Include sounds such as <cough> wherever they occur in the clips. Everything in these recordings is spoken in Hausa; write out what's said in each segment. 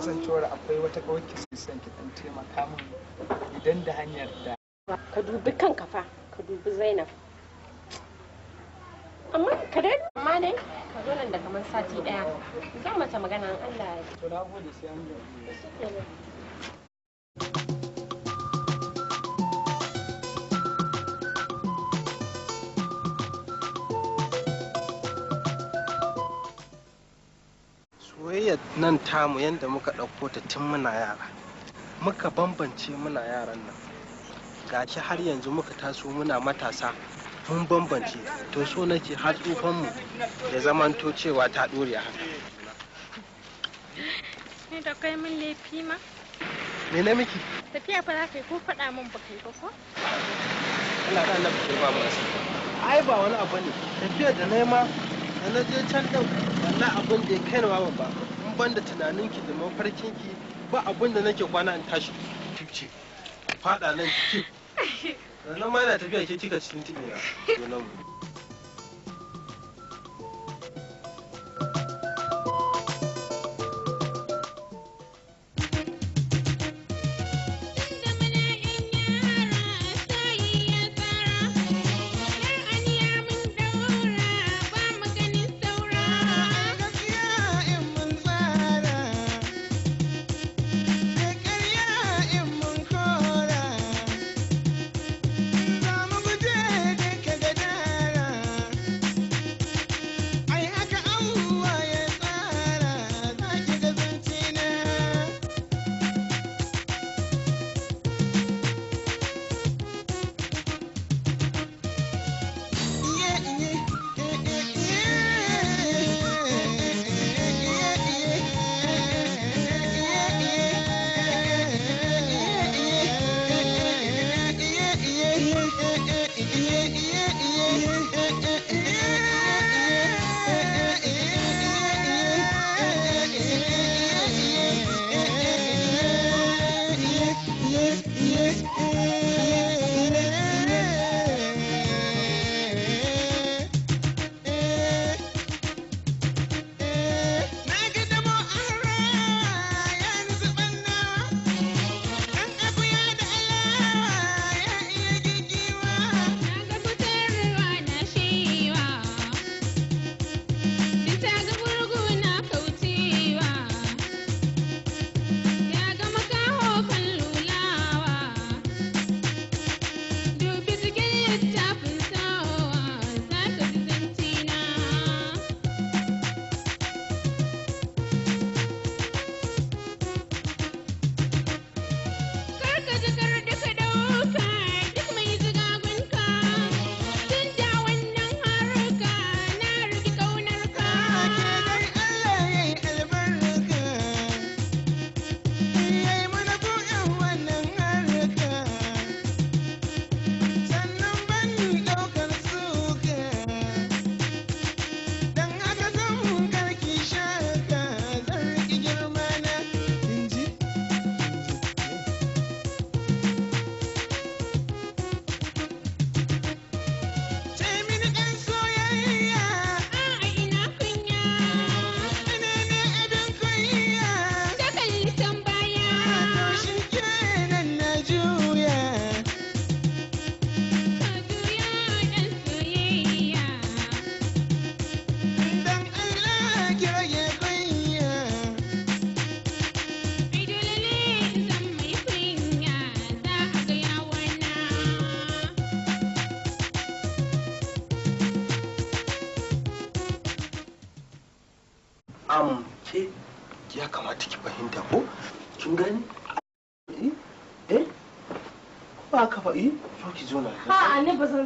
kasancewar akwai wata kawai ki son ki dan taimaka min idan da hanyar da ka dubi kanka fa ka dubi Zainab amma ka dai amma ne ka zo nan da kamar sati daya zan mata magana Allah ya to na gode sai an nan tamu yadda muka ɗauko ta tun muna yara muka bambance muna yaran nan gashi har yanzu muka taso muna matasa mun bambance to so nake har tsufanmu ya zamanto cewa ta ɗore haka ne da kai min laifi ma me na miki tafiya fa za ka yi ko faɗa min ba kai ba ko Allah da Allah ba mu ai ba wani abu ne tafiya da nema da na je can ɗin wannan abin da ya kai ba ba ban da tunaninki da mafarkinki ba abin da nake kwana in tashi kifce fada nan kifce nan ma na tafiya ke kika cikin tibiya zonan mu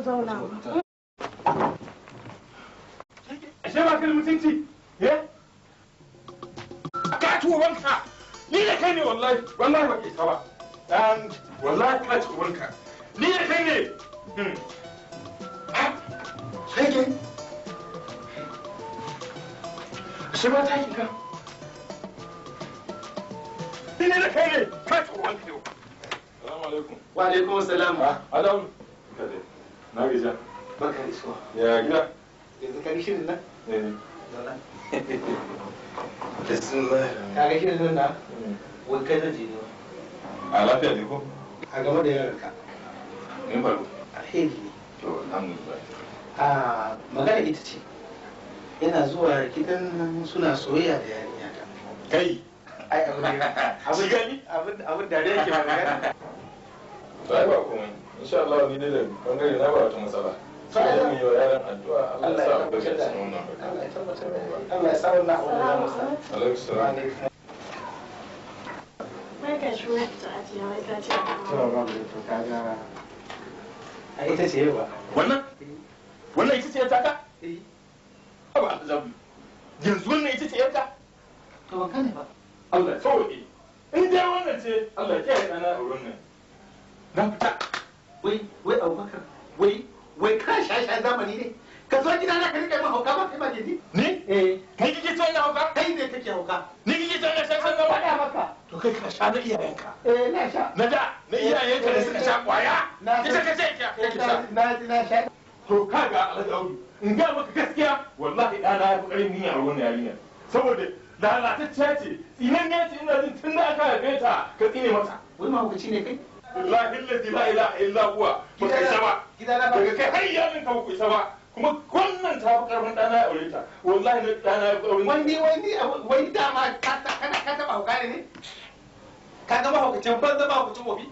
zauna ba. Ashe ba ka mutunci? Ye? Ka Ni da kai ne wallahi, wallahi ba isa ba. Wallahi ka Ni da kai ne! Shege! Hmm. Ashe ba ta ka? Ni da kai ne! Ka ci ubanka yau. alaikum. Wa alaikum salam. Adam. Kade. na gaja barka da ya gida yanzu ka shirin nan eh zauna bismillah ka ga shirin nan na wai kai zan je a lafiya ne ko a ne to ita ce yana zuwa gidan suna soyayya da yarinya ta kai ai abin da abin da abin da magana ba komai insha Allah ni ne da bangare na ba wata matsala sai da mu yi wa yaran addu'a Allah ya sa mu gaske Allah ya tabbatar Allah ya sa wannan abu ya musa alaikum salam wannan ita ce ta ka eh ba alzabi yanzu wannan ita ce yarka to ba kane ba Allah sauke in dai wannan ce Allah ya kiyaye wurin nan na fita wai wai abubakar wai wai kana shashan zamani ne ka zo gida na ka rika min hauka ba kai ba jeji ni eh ni kike so ina hauka kai ne kake hauka ni kike so ina shashan zamani faɗa maka to kai ka sha na iyayenka eh na sha na da na iyayenka da suka sha kwaya ita ka ce kake sha eh, na ji na sha to kaga alhaji audu in ga maka gaskiya wallahi ɗana ya fi ƙarin niyya a wannan yarinyar saboda lalatacciya ce tsinan ne ce ina jin tun da aka haife ta ka tsine mata wai mahaukaci ne kai lahi lazi la ilaha illa huwa ba kai saba daga kai har iyalin ka ku isa kuma wannan ta fi karfin dana ya aure ta wallahi na dana ya aure wani wani wani dama ka ta kana ka taba hukare ne ka ga mahaukacin banza mahaukacin wofi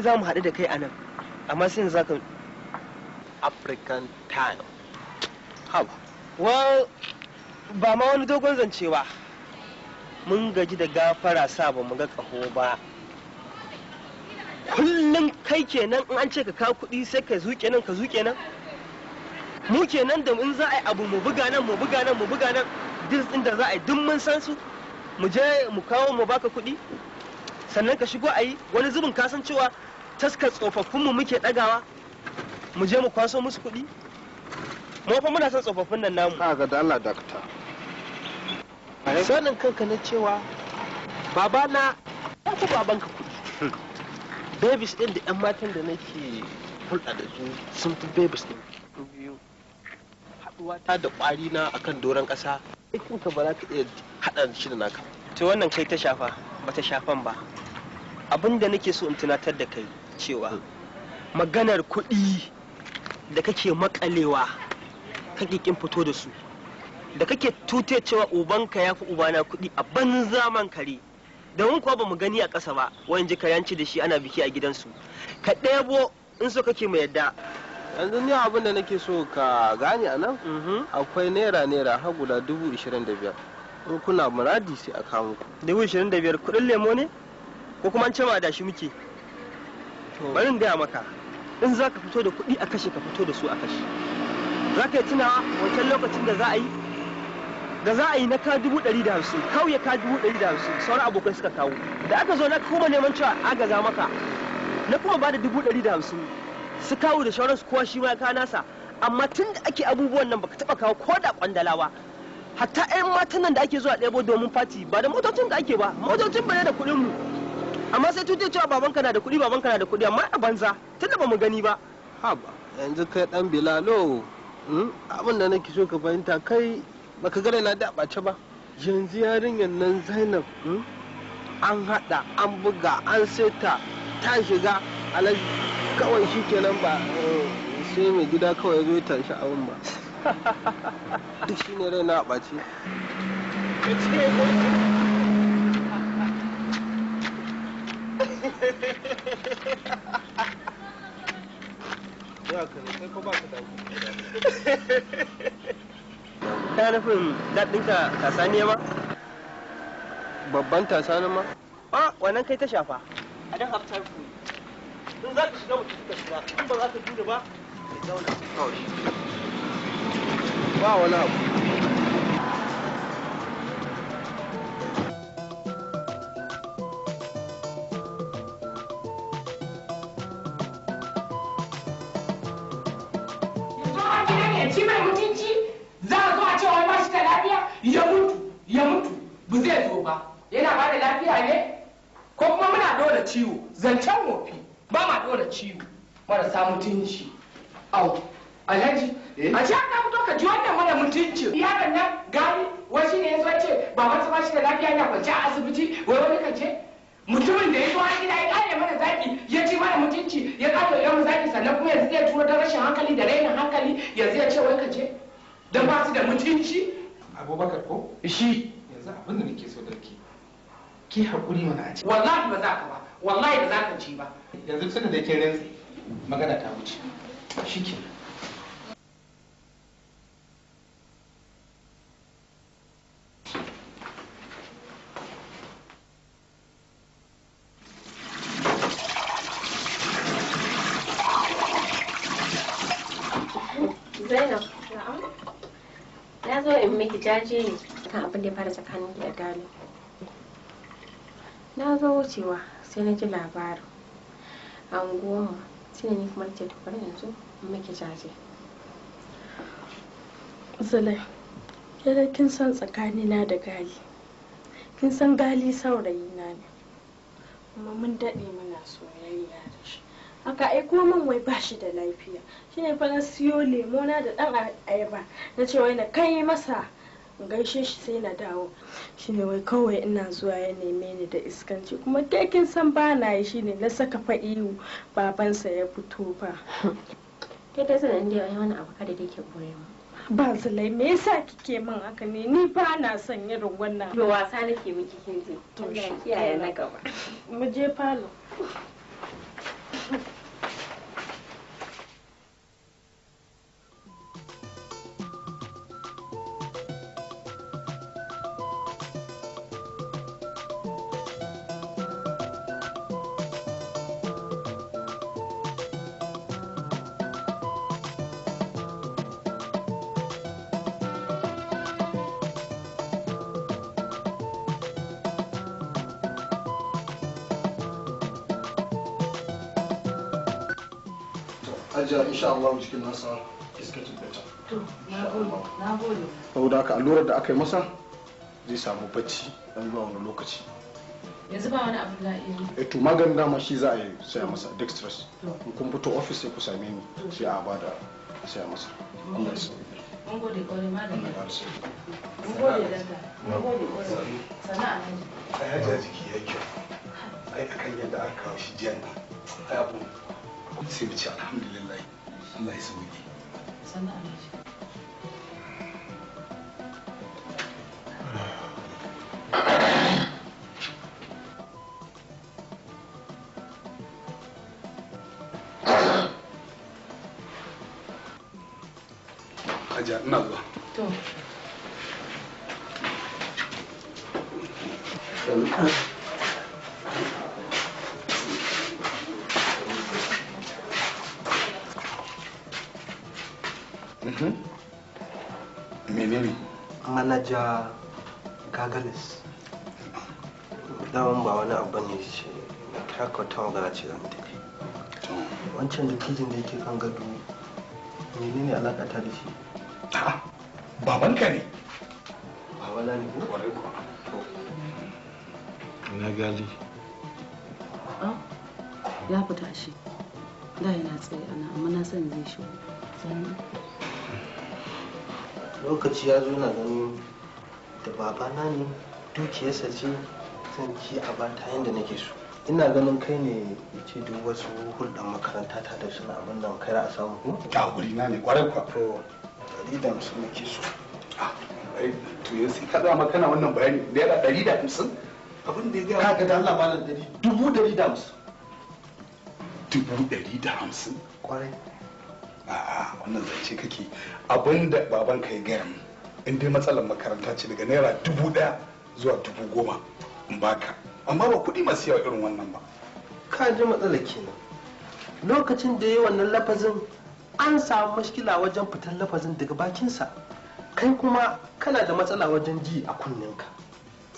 dai za mu haɗu da kai a nan amma sai za ka african time haba well ba ma wani dogon zance ba mun gaji da gafara sa ba mu ga ƙaho ba kullum kai kenan in an ce ka kawo kuɗi sai ka zuke nan ka zuke nan mu kenan da in za a yi abu mu buga nan mu buga nan mu buga nan duk inda za a yi duk mun san su mu je mu kawo mu baka kuɗi sannan ka shigo a yi wani zubin ka san cewa taskar tsofaffinmu muke dagawa mu je mu kwaso musu kuɗi mu fa muna son tsofaffin nan namu ga da Allah dakta sanin kanka na cewa baba na ya fi babanka kuɗi <laughs> babies din da 'yan matan da nake hulɗa da su sun fi babies din biyu haɗuwa ta da ƙwari na akan doron ƙasa kanka ba za ka iya haɗa shi da naka to wannan kai ta shafa ba ta shafan ba abin da nake so in tunatar da kai cewa hmm. maganar kuɗi da kake makalewa kake kin fito da su da kake tute cewa ubanka ya fi ubana kuɗi a banza man kare domin kuwa ba mu gani a ƙasa ba wayan ji yanci da shi ana biki a gidansu ka ɗebo in so kake mai yadda yanzu ni abin da nake so ka gane a nan mhm. akwai naira naira har guda dubu ishirin da biyar in kuna muradi sai a kawo dubu ishirin da biyar kuɗin lemo ne ko kuma an ce ma da shi muke barin gaya maka in za ka fito da kuɗi a kashe ka fito da su a kashe za ka yi tunawa wancan lokacin da za a yi da za a yi na ka dubu ɗari da hamsin kauye ka dubu ɗari da hamsin sauran abokai suka kawo da aka zo na kuma neman cewa agaza maka na kuma ba da dubu ɗari da hamsin su kawo da sauransu kowa shi ma ka nasa amma tun da ake abubuwan nan baka taɓa kawo ko da kwandalawa hatta 'yan matan nan da ake zuwa ɗebo domin fati ba da motocin da ake ba motocin ba ne da kuɗin mu amma sai tutai cewa babanka na da kuɗi babanka na da kuɗi amma a banza tunda ba mu gani ba haba yanzu kai dan bilalo hmm? abin da nake so ka fahimta kai baka ga na da ɓace ba yanzu yarinyar nan zainab hmm? an haɗa an buga an seta ta shiga alaji kawai shi kenan ba eh, sai mai gida kawai zo tashi abin ba <laughs> duk shi ne rai na ɓace ta nufin daɗinka tasa ne ma? babban tasa ne ma? a wannan kai ta shafa a don yi ku Tun za ka shiga mutum ka shiga in ba za ka duna ba ka zauna ba wani abu hankali da raina hankali yanzu ya ce wai ka je don ba su da mutunci abubakar ko shi yanzu abin da nake so dalki ki hakuri mana a ce wallahi ba za ka ba wallahi ba za ka ci ba yanzu tunda da ke rantsi magana ta wuce shi kenan Na zo in miki jaje ne kan abin da ya fara tsakanin da Dalo. Na zo wucewa sai na ji labarin. Anguwanmu shine ni kuma ce tukar yanzu in miki jaje. Zulai, yadda kin san tsakanina da gali. Kin san gali saurayi na ne. Kuma mun daɗe muna soyayya da shi. ai kuma min wai ba shi da lafiya shi fa na siyo na da dan ayaba na ce wai na kai masa gaishe shi sai na dawo shi ne wai kawai ina zuwa ya neme ni da iskanci kuma kin san ba na yi ne na saka faɗi babansa ya fito ba. kai ta sanin da wani abu kada da ke boye mu ba lai me yasa kike min haka ne ni ba na son irin wannan to wasa nake miki kin ji to kiyaye na gaba mu je falo hajiya insha Allah nasa na gode saboda haka allurar da aka yi masa zai samu bacci dan zuwa wani lokaci yanzu ba wani abu da iya eh to maganin dama shi za a yi saya masa dextrose in fito office sai ku same sai a masa ya sauke mun gode kwarai ne ai jiki ya kyau ai akan yadda aka kawo shi jiyan ai Allah ya sauke sannan ja ka gagalis daman ba wani abu ne ce haka ta magana ce zan ta wancan likijin da yake kan gado ne ne alaƙa ta da shi baban ka ne babana ne ko kwarai ko na gali ah, ya fita shi da yana tsaye ana amma na san zai shi lokaci ya zo na ganin da babana ne dukiyarsa ce zan ci a ba ta yadda nake so ina ganin kai ne ce duk wasu hulɗar makaranta ta da suna abin da kai a samu ko a guri na ne kwarai kwa to ɗari da hamsin nake so to yau sai ka zama kana wannan bayani naira dari da hamsin abin da ya gaya Ka da Allah malam ɗari dubu dari da hamsin dubu dari da hamsin kwarai a'a wannan zance kake abin da baban ka ya gaya mu in dai matsalar makaranta ce daga naira dubu daya zuwa dubu goma in baka amma ba kuɗi masu yawa irin wannan ba ka ji matsala kenan lokacin da ya wannan lafazin an samu mashkila wajen fitar lafazin daga bakinsa kai kuma kana da matsala wajen ji a kunninka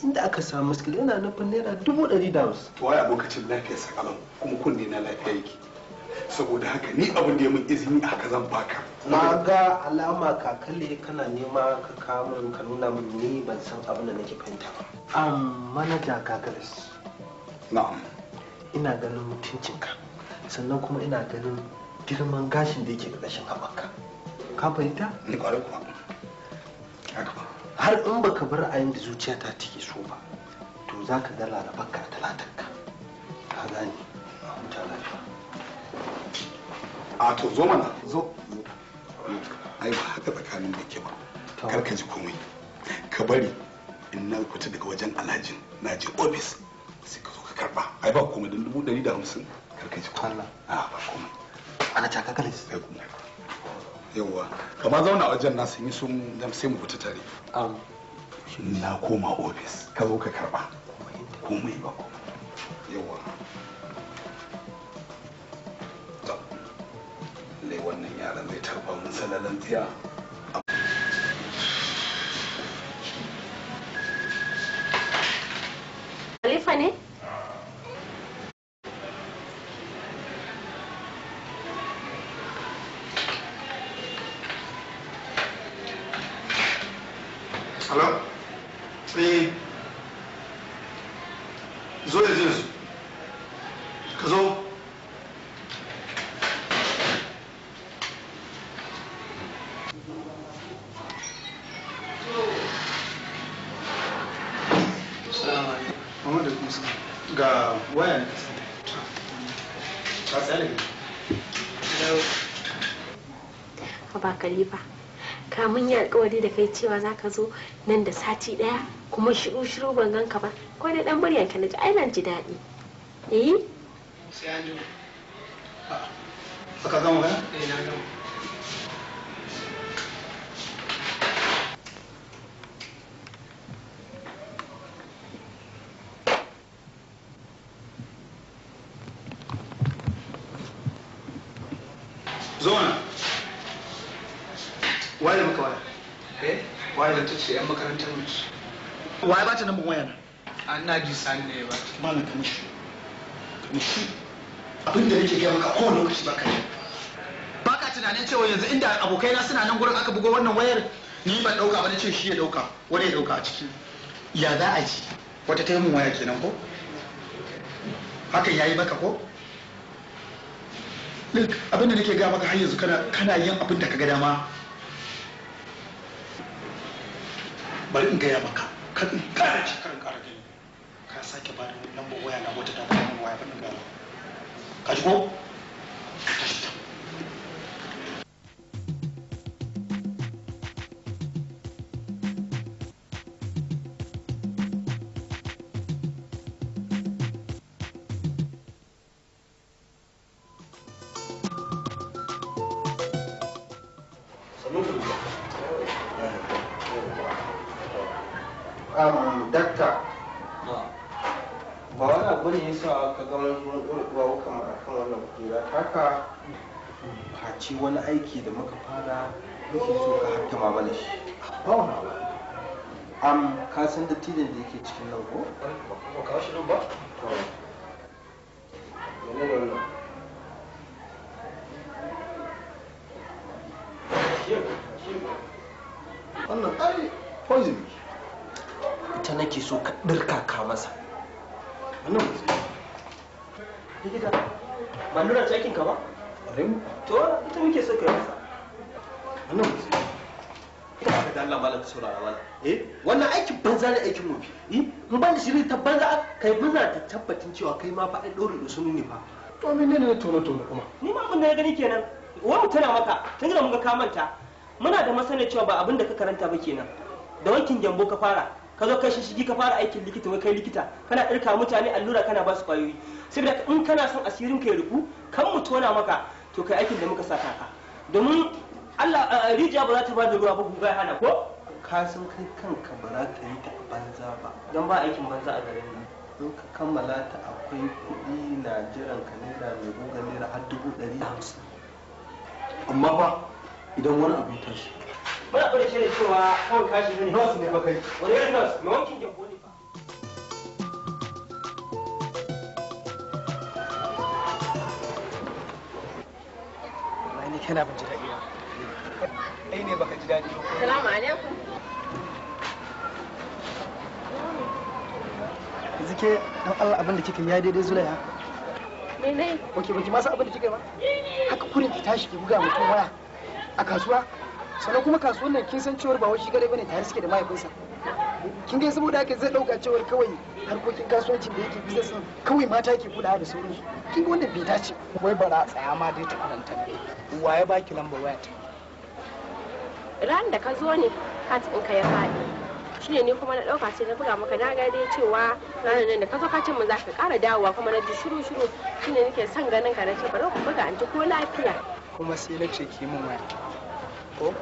inda aka samu mashkila yana nufin naira dubu ɗari da wasu. waya lokacin lafiya sakamakon kuma kunne na lafiya yake saboda haka ni abin da ya mun izini haka zan baka na ga alama kakalle kana nema ka kamun ka nuna min ni ban san abin da nake fahimta ba am manaja kakalis na'am ina ganin ka sannan kuma ina ganin girman gashin da yake ƙarƙashin abanka. ka fahimta ni kware kuwa haka ba har in baka bar ra'ayin da ta take so ba to za ka ga ka a talatarka ka gane a to zo mana zo ai ba haka tsakanin da ke ba kar ka ji komai ka bari in na kuta daga wajen alhajin na je ofis sai ka zo ka karba ai ba komai dan dubu ɗari da hamsin kar ka ji komai a ba komai ana caka kalis sai kuma yawwa kama zauna a wajen nasu yi sun dam sai mu fita tare na koma ofis ka zo ka karba komai ba komai yawwa wannan yaran zai tarfa mun salalan tsiya Khalifa ne? Hello? Eh, zo da zo. kai cewa za ka zo nan da sati ɗaya kuma shiru shiru ban gan ka ba ko da dan murya ka naji ai ban ji daɗi eh sai an ji ka gama ba eh na gama Bitrus. Wa ya bata number waya na? Ina ji sani ne ya bata. Malam ka mushi. Abin da nake gaya maka kowane lokaci ba ka yi. Ba ka tunanin cewa yanzu inda abokaina suna nan gurin aka bugo wannan wayar ni ban dauka ba na ce shi ya dauka wani ya dauka a ciki. Ya za a ji wata ta yi mun waya kenan ko? Hakan ya yi maka ko? Abin da nake gaya maka har yanzu kana yin abin da ka ga dama bari in gaya maka ka in kara ci karin kara gani ka sake ba da lambar waya na wata ta kuma waya ba in gaya maka ka ji nan ko? Ba kawo shi nan ba? Mene wannan? ai poison Ita nake so ka ɗirka masa. Wannan ba Likita, ba nuna cikin ka ba? To, ita muke so ka yi masa. Wannan ba ka ka da Allah malaka saurara mana eh wannan aikin banza da aikin wofi in ban da shiri ta banza kai banza ta tabbatin cewa kai ma fa ai dore da sunu ne fa to menene ne tono tono kuma ni ma abin da gani kenan wani tana maka tun da mun ga ka manta muna da masana cewa ba abin da ka karanta ba kenan da wankin gyambo ka fara ka zo kai ka fara aikin likita wai kai likita kana irka mutane allura kana ba su kwayoyi saboda in kana son asirin kai ruku kan mu tona maka to kai aikin da muka saka ka domin Allah rijiya ba za ta bada ruwa ba ku bai hana ko ka san kai kanka ba za ta yi ta a banza ba don ba aikin banza a garin nan in ka kammala ta akwai kuɗi na jiran ka naira mai guga naira har dubu ɗari hamsin amma ba idan wani abu ya tashi muna ɓada shi ne cewa kawai kashi ne nurse ne ba kai wani irin nurse mai wankin gyambo ne ba kana bin kai ne baka ji daɗi ba salamu alaikum yanzu ke dan Allah abin da kika ya daidai zulaiha mene oke baki ma san abin da kika ba haka kurin ki tashi ki buga mutum waya a kasuwa sannan kuma kasuwan nan kin san cewar ba wai shi gare bane tare suke da mahaifinsa kin ga saboda haka zai dauka cewar kawai harkokin kasuwancin da yake business din kawai mata ke kula da sauransu kin ga wanda bai dace wai bara tsaya ma dai ta karanta ne ya baki lambar waya ta ran da ka zo ne hat ka ya faɗi shi ne kuma na ɗauka sai na buga maka na ga dai cewa ranar nan da ka zo ka ce mu za ka ƙara dawowa kuma na ji shiru shiru shi ne nake son ganin ka na ce bari ku buga an ji ko lafiya kuma sai na ce ki mun wani ko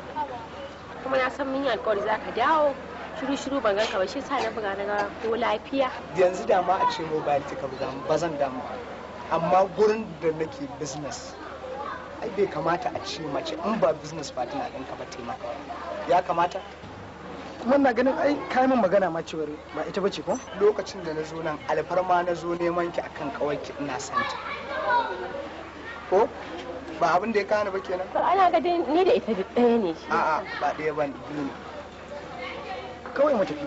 kuma na san mun yi alƙawari za ka dawo shiru shiru ban ganka ba shi sa na buga na ga ko lafiya yanzu dama a ce mobile ka buga ba zan damu amma gurin da nake business ai bai kamata a ce mace in ba business partner ɗinka ba taimaka ya kamata kuma na ganin ai kayan magana ma cewar ba ita bace ko lokacin da na zo nan alfarma na zo neman ki akan kawai ki ina ta? ko ba abin da ya kana ba kenan to ana ga ni da ita duk ɗaya ne shi a'a ba ɗaya ba ne kawai mu tafi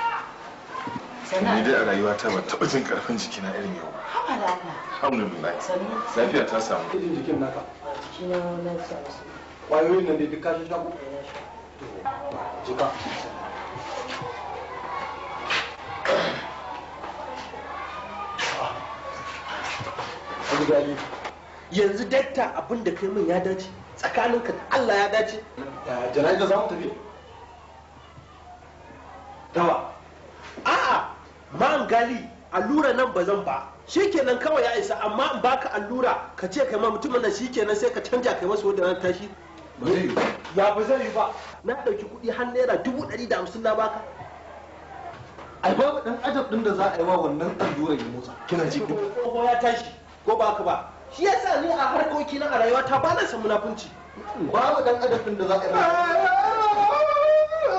ni dai a rayuwa ta taɓa jin irin yau ba alhamdulillah lafiya ta samu irin jikin naka nan da duk kashin eh, jika yanzu dakta abin da kai min ya dace tsakaninka da Allah ya dace jana'iza za mu tafi dawa a'a man gali allura nan ba zan ba Shi kenan kawai ya isa amma in baka allura ka ce kai ma mutumin nan kenan sai ka canja kai masa wanda ran tashi ya ba zai yi ba na dauki kuɗi har naira dubu ɗari da hamsin na baka ai ba dan adab din da za a yi wa wannan allura ya motsa kina ji ko ko ya tashi ko ba ka ba shi yasa ni a harkoki na a rayuwa ta ba na san munafunci babu dan adab din da za a yi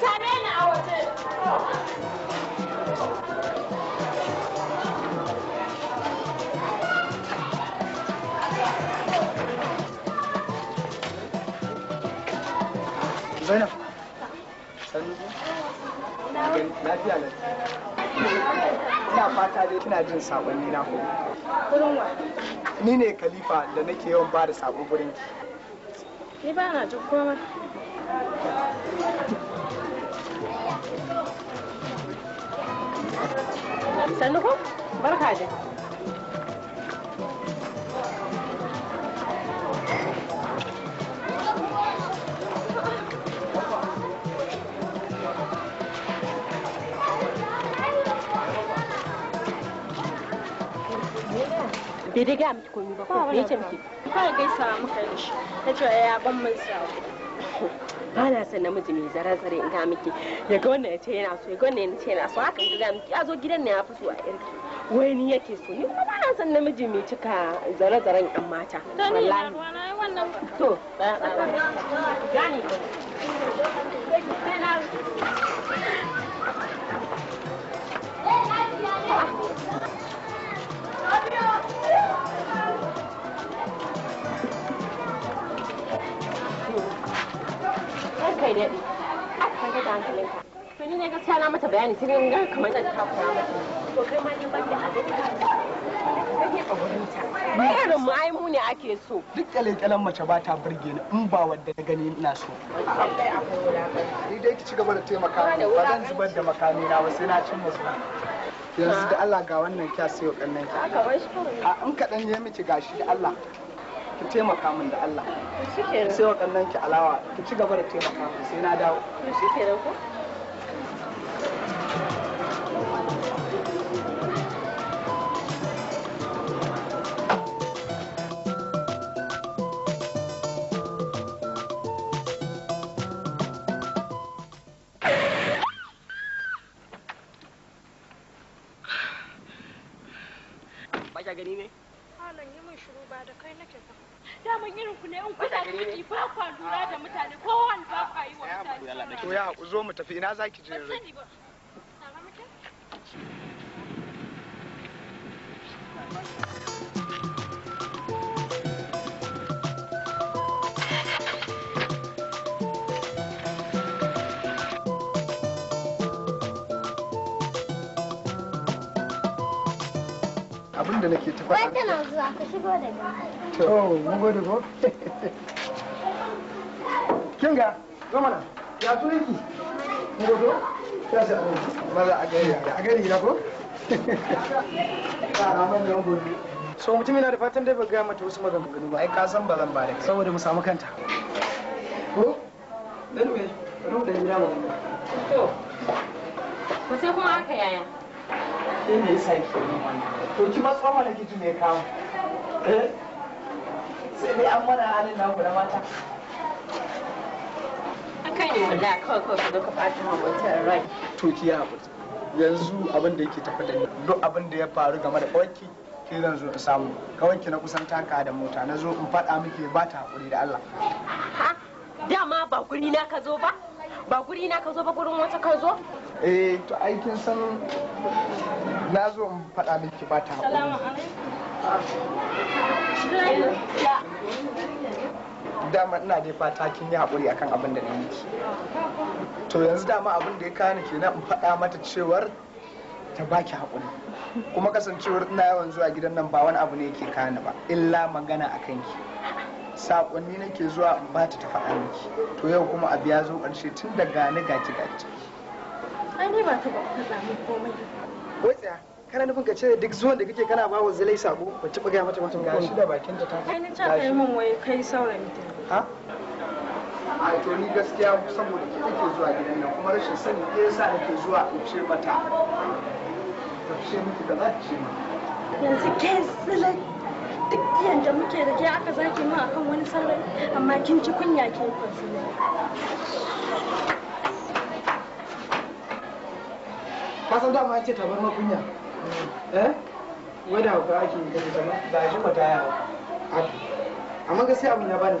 same ni a waje Zainab, sannu lafiya Ina fata dai kina jin saƙonni na ko. Ni ne Khalifa da nake yawan ba da saƙo gurin ki. Ni ba na jin komai. arsanihum barka da bai dai gaya miki komi ba ko me yake miki kai gaisa muka yi shi ta ce ya ban mun sako ba na san namiji mai zaren zare in ga miki ya ga wannan ya ce yana so ya ga wannan ya ce yana so haka ya ga miki ya gidan ne ya fi a irki wai ni yake so ni kuma ba na san namiji mai cika zare zaren yan mata wallahi to ba ba ba gani daɗe a bayani sai ta ake so duk mace ba ta burge ni in ba wadda ga gani ina so ni dai ki gaba da taimaka ba zan zubar da makami na ba na cin musu yanzu da Allah ga wannan kya sayo kannan ki a in kaɗan ya miki gashi da Allah ki taimaka min da Allah sai waɗannan ki alawa ki ci gaba da taimaka min sai na dawo to shikenan ko zo mu tafi ina zaki je rai nake ta faɗa. tana zuwa ka shigo da gaba. <laughs> Kinga, zo Ya ngoto ta sa maza a a ko <laughs> ah, so mutum yana da fatan dai ba gaya mata wasu maganganu ba ai ka san ba zan ba da kai saboda mu samu kanta ko dan me to kuma aka yaya ne sai kawo eh sai an mana halin na ku da mata kai ne wallahi kawai kawai ka zo ka fata ma wata rai to ki haƙuri yanzu abin da yake tafi da ni duk abin da ya faru game da kawai ke zan zo in samu kawai ki na kusan taka da mota na zo in faɗa miki ba ta haƙuri da Allah ha dama ba guri na ka zo ba ba guri na ka zo ba gurin wata ka zo eh to aikin san na zo in faɗa miki ba ta haƙuri dama ina dai fata kin yi haƙuri akan abin da na yi to yanzu dama abin da ya kani kenan in faɗa mata cewar ta baki haƙuri kuma kasancewar ina yawan zuwa gidan nan ba wani abu ne yake kani ba illa magana a kanki saƙonni nake zuwa in ba ta faɗa miki to yau kuma abu ya zo ƙarshe tun da gani gaci gaci ai ne ba ta ba faɗa min komai wai tsaya kana nufin ka ce duk zuwan da kake kana ba wa zalai sako ba ci buga mata mutum gashi da bakin ta ta ai ni ta kai mun waye kai saurayi ha a to ni gaskiya saboda ke take zuwa gidan nan kuma rashin sani ke yasa nake zuwa in ce mata ta ce miki da za ce ma yanzu ke sile duk yanda muke da ke aka zaki mu akan wani sarrai amma kin ci kunya ke kwasilai ka san dama ce tabar makunya eh wai da hauka ake yi da zama ba shi mata yawa amma gaskiya abin ya bani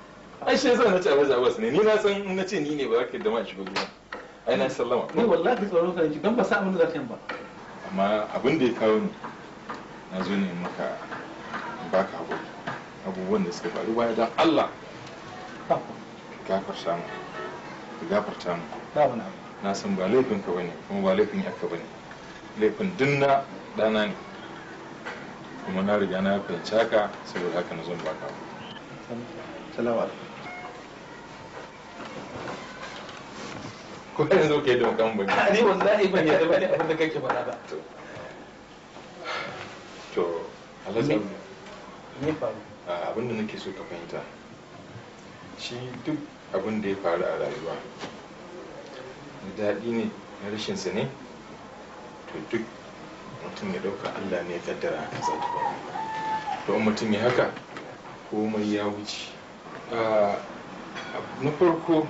ai shi yasa na ce abaza abbas ne ni na san in na ce ni ne ba ka da ma ba gidan ai na sallama ne wallahi tsoron ka don ba sa abin da zaka yi ba amma abin da ya kawo ni na zo ne maka baka hakuri abubuwan da suka faru baya don Allah gafarta mu gafarta mu na san ba laifin ka ba ne kuma ba laifin ba ne laifin dinna dana ne kuma na riga na fahimci haka saboda haka na ba ka abu salamu alaikum ko kai zo ke don kan bane ni wallahi ban yarda bane abin da kake faɗa ba to Allah zai ne faru abin da nake so ka fahimta shi duk abin da ya faru a rayuwa daɗi ne na rashin sa ne to duk mutum ya ɗauka Allah ne ya kaddara haka zai to mutum ya haka komai ya wuce na farko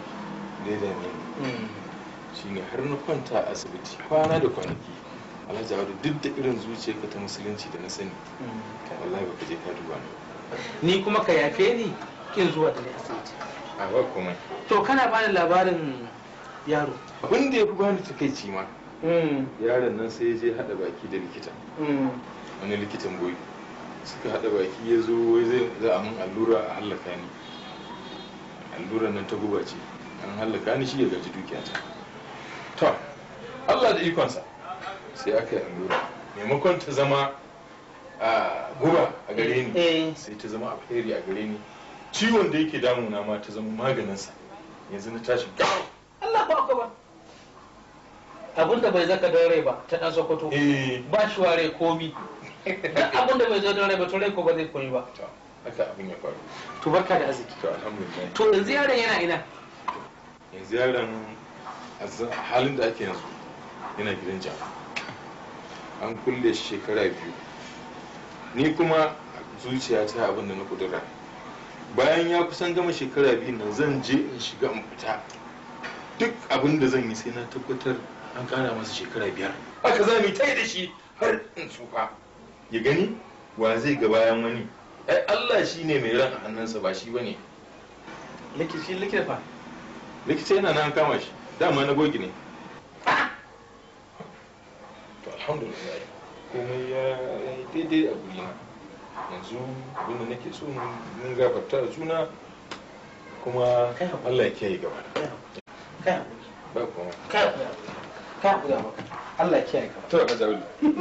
da ya dame hmm. shine har na kwanta a asibiti kwana da kwanaki alhaji audu duk da irin ka ta musulunci da na sani kan hmm. wallahi baka je ka duba ni ni kuma ka yafe ni kin zuwa da ni asibiti a ba komai to kana bani labarin yaro abin da ya fi bani takaici ma hmm. yaron nan sai ya je hada baki da likita wani likitan goyi suka haɗa baki ya zo wai zai za a mun allura a hallaka ni allura nan ta guba ce an hallaka ni shi ya gaji dukiyata to Allah da ikonsa sai aka yi allura maimakon ta zama a guba a gare ni eh. sai ta zama alheri a gare ni ciwon da yake damuna ma ta zama maganinsa yanzu na tashi gawo Allah ba ku ba abinda bai zaka dare ba ta dan sokoto eh. ba shi ware komi duk abin da bai zo don ba to ko ba zai koyi ba haka abin ya faru to barka da arziki to alhamdulillah to yanzu yaron yana ina yanzu yaron halin da ake yanzu yana gidan jam an kulle shekara biyu ni kuma zuciya ta abin da na kudura bayan ya kusan gama shekara biyu nan zan je in shiga in fita duk abin da zan yi sai na tabbatar an kara masa shekara biyar haka za mu yi ta da shi har in tsufa ya gani wa zai ga bayan wani ai Allah shi ne mai ran a hannunsa ba shi bane likita likita fa likita yana nan kama shi dama na gogi ne to alhamdulillah komai ya yi daidai a guri na yanzu abinda nake so mun gafarta da juna kuma Allah ya kiyaye gaba kai ba kuma kai kai Allah kiyaye ka to ka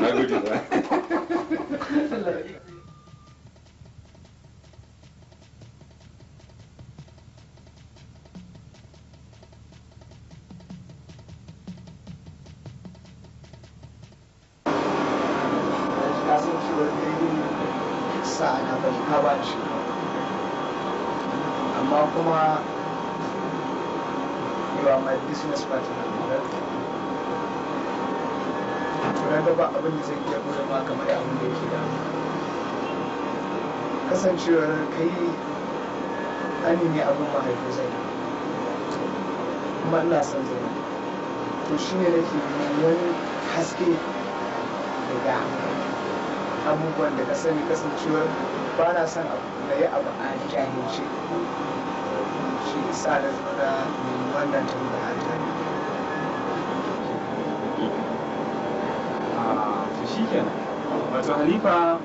na gode ba amma kuma you wa my business partner kaga ba abin da zai iya nuna ma game da abin da yake da kasancewar kai ani ne abin mahaifi zai kuma ina son zai to shi ne nake wani haske daga abubuwan da ka sani kasancewar ba na son abu da ya abu a jahilce shi isa da wannan tambaya ta kenan wato halifa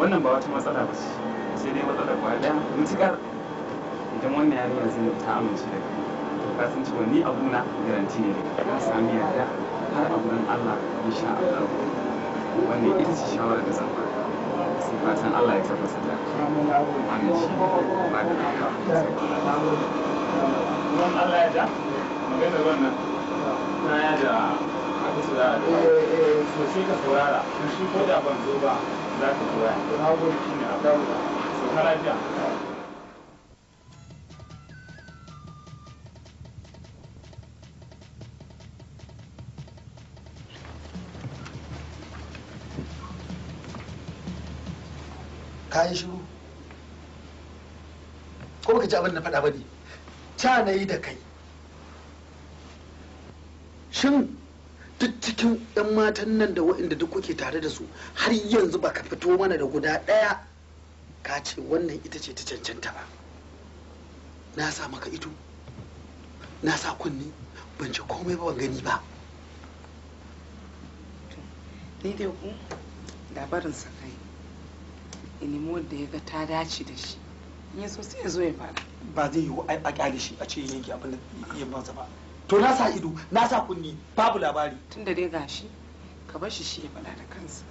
wannan ba wata matsala ba ce sai dai matsala ba ɗaya mutukar idan wannan yarinya zai ta amince da kai to ka san cewa ni abu na garanti ne ka sami yarda har a gurin Allah insha Allah wannan ita ce shawara da zan ba sai fatan Allah ya tabbata da wannan shi ba da haka ruwan Allah ya da maganar wannan na ya da aka su da to ka saurara in shi ko da ban zo ba za ka saurara to na gode shi ne a ka lafiya yi shiru ko baka ji abin da faɗa ba ne ta na yi da kai shin matan nan da waɗanda duk kuke tare da su har yanzu ba ka fito mana da guda ɗaya ka ce wannan ita ce ta cancanta ba na sa maka ido na sa kunni ban ci komai ba ban gani ba ni dai ku labarin sa kai in wanda ya ga ta dace da shi in yaso sai ya zo ya fara ba zai yiwu a kyale shi a ce yanke abin da ya ba ba to na sa ido na sa kunni babu labari tun da dai gashi ka bar shi shi ya faɗa da kansa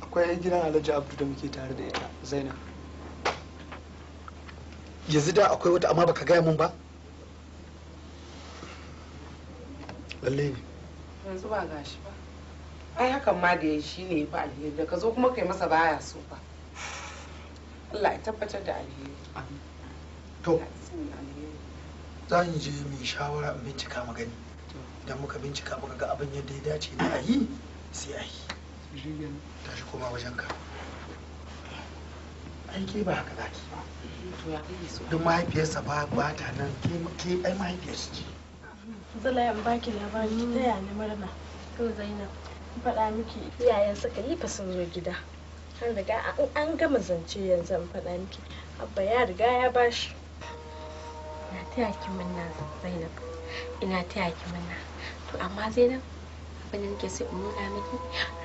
akwai yan gidan alhaji abdu da muke tare da ita zainab yanzu da akwai wata amma baka gaya mun ba lalle ne yanzu ba gashi ba ai hakan ma da ya shi ne ba alheri da ka zo kuma kai masa baya so ba Allah ya tabbatar da alheri to zan je mai shawara in bincika magani idan muka bincika muka ga abin yadda ya dace ne a yi sai a yi tashi koma wajen ka aiki ba haka zaki duk mahaifiyarsa ba ba ta nan ke ai mahaifiyarsa ce zala yan baki labari ki ya ni murna to zainab faɗa miki iyayen suka yi fa sun zo gida har riga an gama zance yanzu an faɗa miki abba ya riga ya bashi ina taya ki murna zainab ina taya ki murna to amma zainab abin da nake so in nuna miki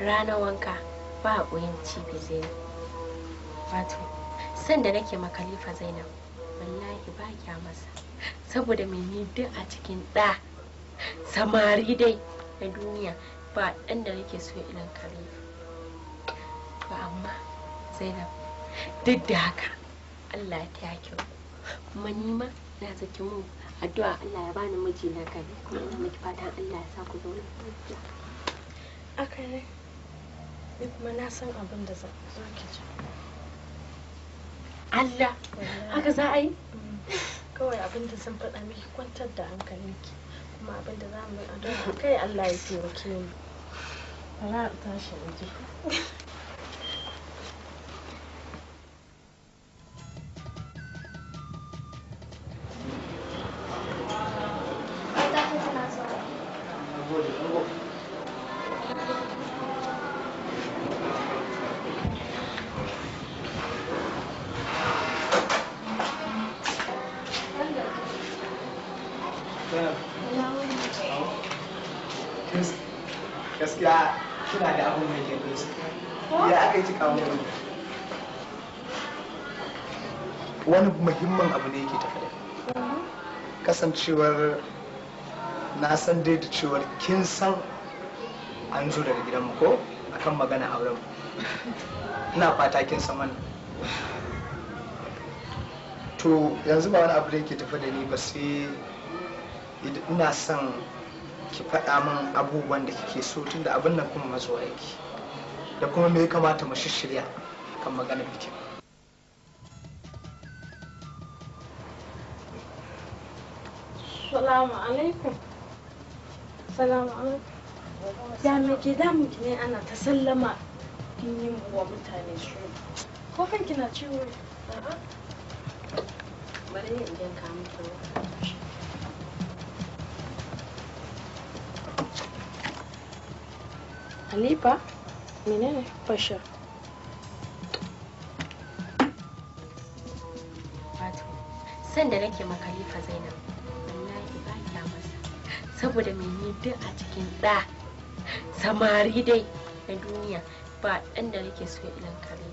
rana wanka ba a ƙoyin cibi zainab wato san da nake ma khalifa zainab wallahi ba kya masa saboda mai ni duk a cikin ɗa samari dai na duniya ba ɗan da nake so irin khalifa ba amma zainab duk da haka allah ta kyau kuma nima na zaki mu addu'a Allah ya bani miji na kuma ina miki fatan Allah ya sa ku zo aka ne ni kuma na san abin da za ki ci. Allah haka za a yi mm. kawai abin da zan faɗa miki kwantar da hankalinki kuma abin da za mu yi addu'a kai Allah ya taimake mu ba za a tashi mu ji <laughs> san cewar na san dai da cewar kin san an zo daga gidanmu ko akan magana auren ina fata kin san mana to yanzu ba wani abu da yake tafi da ni ba sai ina san ki faɗa min abubuwan da kike so tun da abin nan kuma mazuwa yake da kuma me ya kamata mu shirya kan magana bikin Salamu alaikum. Salamu alaikum. Ya me ke damun ki ne ana ta sallama kin yi wa mutane su. Ko kan kina ciwo? A'a. Bari ne in ka mutu. Hanifa, menene Bashir? Fatima, san da nake ma Khalifa Zainab. saboda mene duk a cikin ɗa samari dai na duniya ba ɗan da nake so ilan kare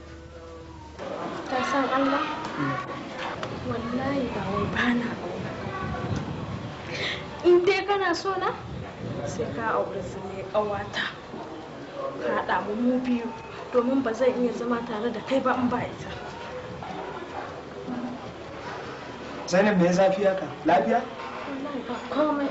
ta san allah wallahi ba wai ba na in dai kana so na sai ka aure su ne ƙawata ka haɗa mu mu biyu domin ba zan iya zama tare da kai ba in ba ita zainab me zafi haka lafiya ba komai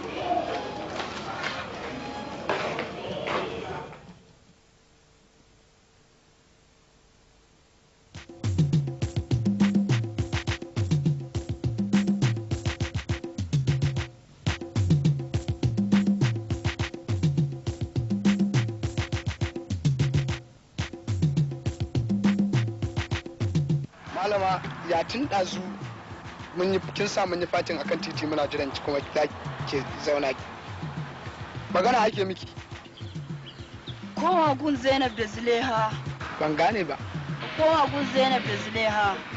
tun ɗazu kin sa mun yi fatin akan titi muna jiran kuma za ke zauna ki magana ake miki kowa gun zainab da zuleha ban gane ba kowa gun zainab da zuleha